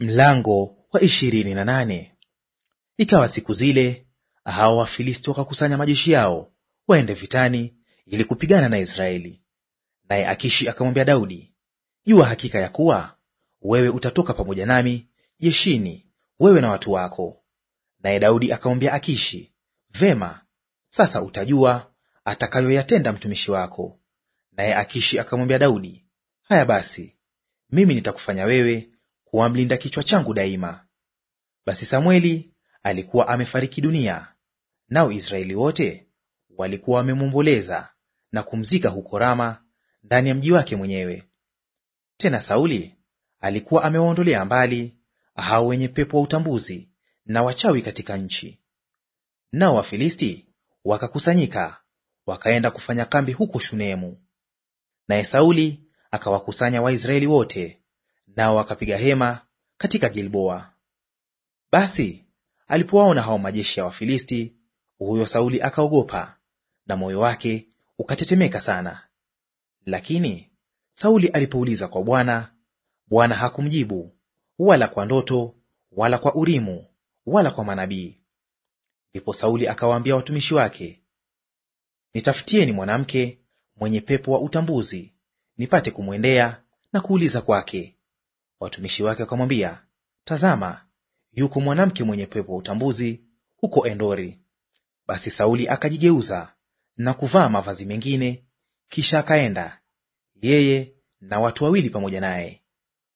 Mlango wa ishirini na nane. Ikawa siku zile hao Wafilisti wakakusanya majeshi yao waende vitani ili kupigana na Israeli. Naye Akishi akamwambia Daudi, jua hakika ya kuwa wewe utatoka pamoja nami jeshini, wewe na watu wako. Naye Daudi akamwambia Akishi, vema, sasa utajua atakayoyatenda mtumishi wako. Naye Akishi akamwambia Daudi, haya basi, mimi nitakufanya wewe kuwa mlinda kichwa changu daima. Basi Samweli alikuwa amefariki dunia, nao Israeli wote walikuwa wamemwomboleza na kumzika huko Rama ndani ya mji wake mwenyewe. Tena Sauli alikuwa amewaondolea mbali hao wenye pepo wa utambuzi na wachawi katika nchi. Nao Wafilisti wakakusanyika wakaenda kufanya kambi huko Shunemu. Naye Sauli akawakusanya Waisraeli wote nao wakapiga hema katika Gilboa. Basi alipowaona hao majeshi ya Wafilisti, huyo Sauli akaogopa na moyo wake ukatetemeka sana. Lakini Sauli alipouliza kwa Bwana, Bwana hakumjibu wala kwa ndoto wala kwa Urimu wala kwa manabii. Ndipo Sauli akawaambia watumishi wake, nitafutieni mwanamke mwenye pepo wa utambuzi, nipate kumwendea na kuuliza kwake, Watumishi wake wakamwambia, tazama, yuko mwanamke mwenye pepo wa utambuzi huko Endori. Basi Sauli akajigeuza na kuvaa mavazi mengine, kisha akaenda yeye na watu wawili pamoja naye.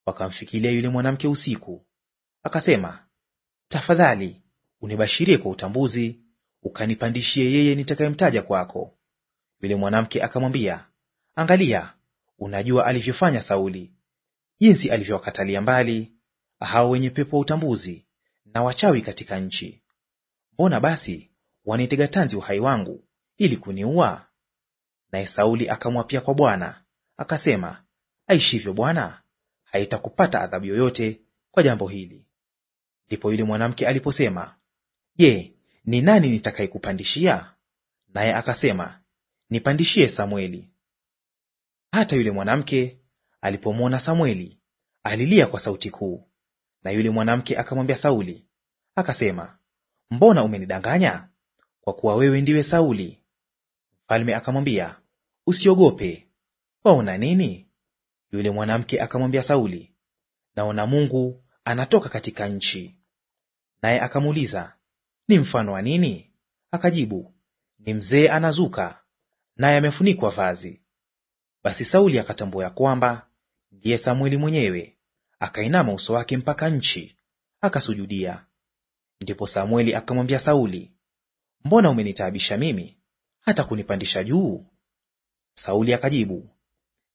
Wakamfikilia yule mwanamke usiku, akasema, tafadhali unibashirie kwa utambuzi, ukanipandishie yeye nitakayemtaja kwako. Yule mwanamke akamwambia, angalia, unajua alivyofanya Sauli, jinsi alivyowakatalia mbali hao wenye pepo wa utambuzi na wachawi katika nchi. Mbona basi wanitega tanzi uhai wangu ili kuniua? Naye Sauli akamwapia kwa Bwana akasema, aishivyo Bwana, haitakupata adhabu yoyote kwa jambo hili. Ndipo yule mwanamke aliposema, Je, ni nani nitakayekupandishia? Naye akasema, nipandishie samweli Hata yule mwanamke alipomwona Samweli alilia kwa sauti kuu. Na yule mwanamke akamwambia Sauli akasema, mbona umenidanganya? Kwa kuwa wewe ndiwe Sauli. Mfalme akamwambia, usiogope, waona nini? Yule mwanamke akamwambia Sauli, naona Mungu anatoka katika nchi. Naye akamuuliza, ni mfano wa nini? Akajibu, ni mzee anazuka, naye amefunikwa vazi. Basi Sauli akatambua ya kwamba ndiye Samweli mwenyewe, akainama uso wake mpaka nchi, akasujudia. Ndipo Samweli akamwambia Sauli, mbona umenitaabisha mimi hata kunipandisha juu? Sauli akajibu,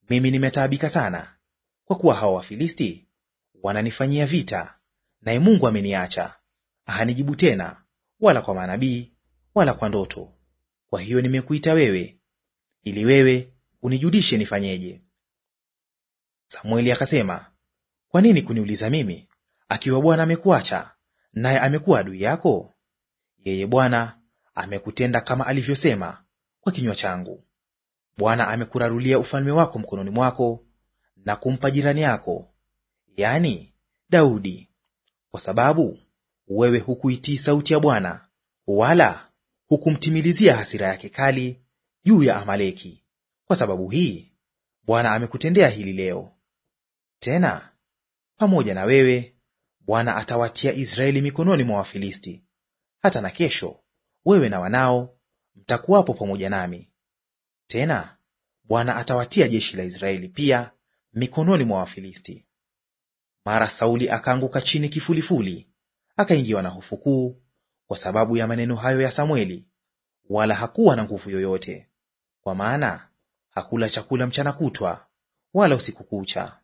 mimi nimetaabika sana, kwa kuwa hawa Wafilisti wananifanyia vita, naye Mungu ameniacha, hanijibu tena, wala kwa manabii wala kwa ndoto. Kwa hiyo nimekuita wewe, ili wewe unijudishe nifanyeje. Samueli akasema, kwa nini kuniuliza mimi, akiwa Bwana amekuacha naye amekuwa adui yako? Yeye Bwana amekutenda kama alivyosema kwa kinywa changu. Bwana amekurarulia ufalme wako mkononi mwako na kumpa jirani yako, yaani Daudi, kwa sababu wewe hukuitii sauti ya Bwana wala hukumtimilizia hasira yake kali juu ya Amaleki. Kwa sababu hii Bwana amekutendea hili leo. Tena pamoja na wewe Bwana atawatia Israeli mikononi mwa Wafilisti. Hata na kesho wewe na wanao mtakuwapo pamoja nami. Tena Bwana atawatia jeshi la Israeli pia mikononi mwa Wafilisti. Mara Sauli akaanguka chini kifulifuli, akaingiwa na hofu kuu kwa sababu ya maneno hayo ya Samweli, wala hakuwa na nguvu yoyote, kwa maana hakula chakula mchana kutwa wala usiku kucha.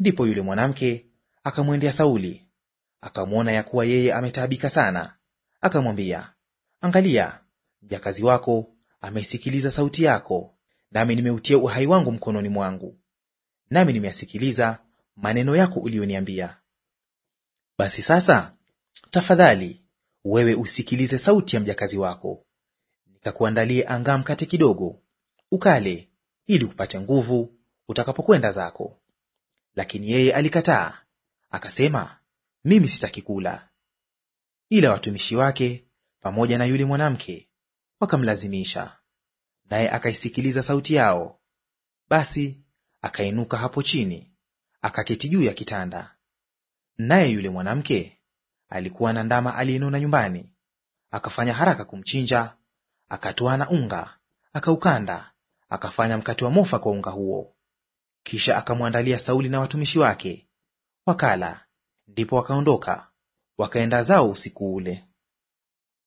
Ndipo yule mwanamke akamwendea Sauli, akamwona ya kuwa yeye ametaabika sana, akamwambia, Angalia, mjakazi wako ameisikiliza sauti yako, nami nimeutia uhai wangu mkononi mwangu, nami nimeyasikiliza maneno yako uliyoniambia. Basi sasa, tafadhali wewe usikilize sauti ya mjakazi wako, nikakuandalie angaa mkate kidogo, ukale, ili upate nguvu utakapokwenda zako. Lakini yeye alikataa akasema, mimi sitaki kula. Ila watumishi wake pamoja na yule mwanamke wakamlazimisha, naye akaisikiliza sauti yao. Basi akainuka hapo chini akaketi juu ya kitanda. Naye yule mwanamke alikuwa na ndama aliyenona nyumbani, akafanya haraka kumchinja, akatwaa na unga, akaukanda, akafanya mkate wa mofa kwa unga huo. Kisha akamwandalia Sauli na watumishi wake, wakala. Ndipo wakaondoka wakaenda zao usiku ule.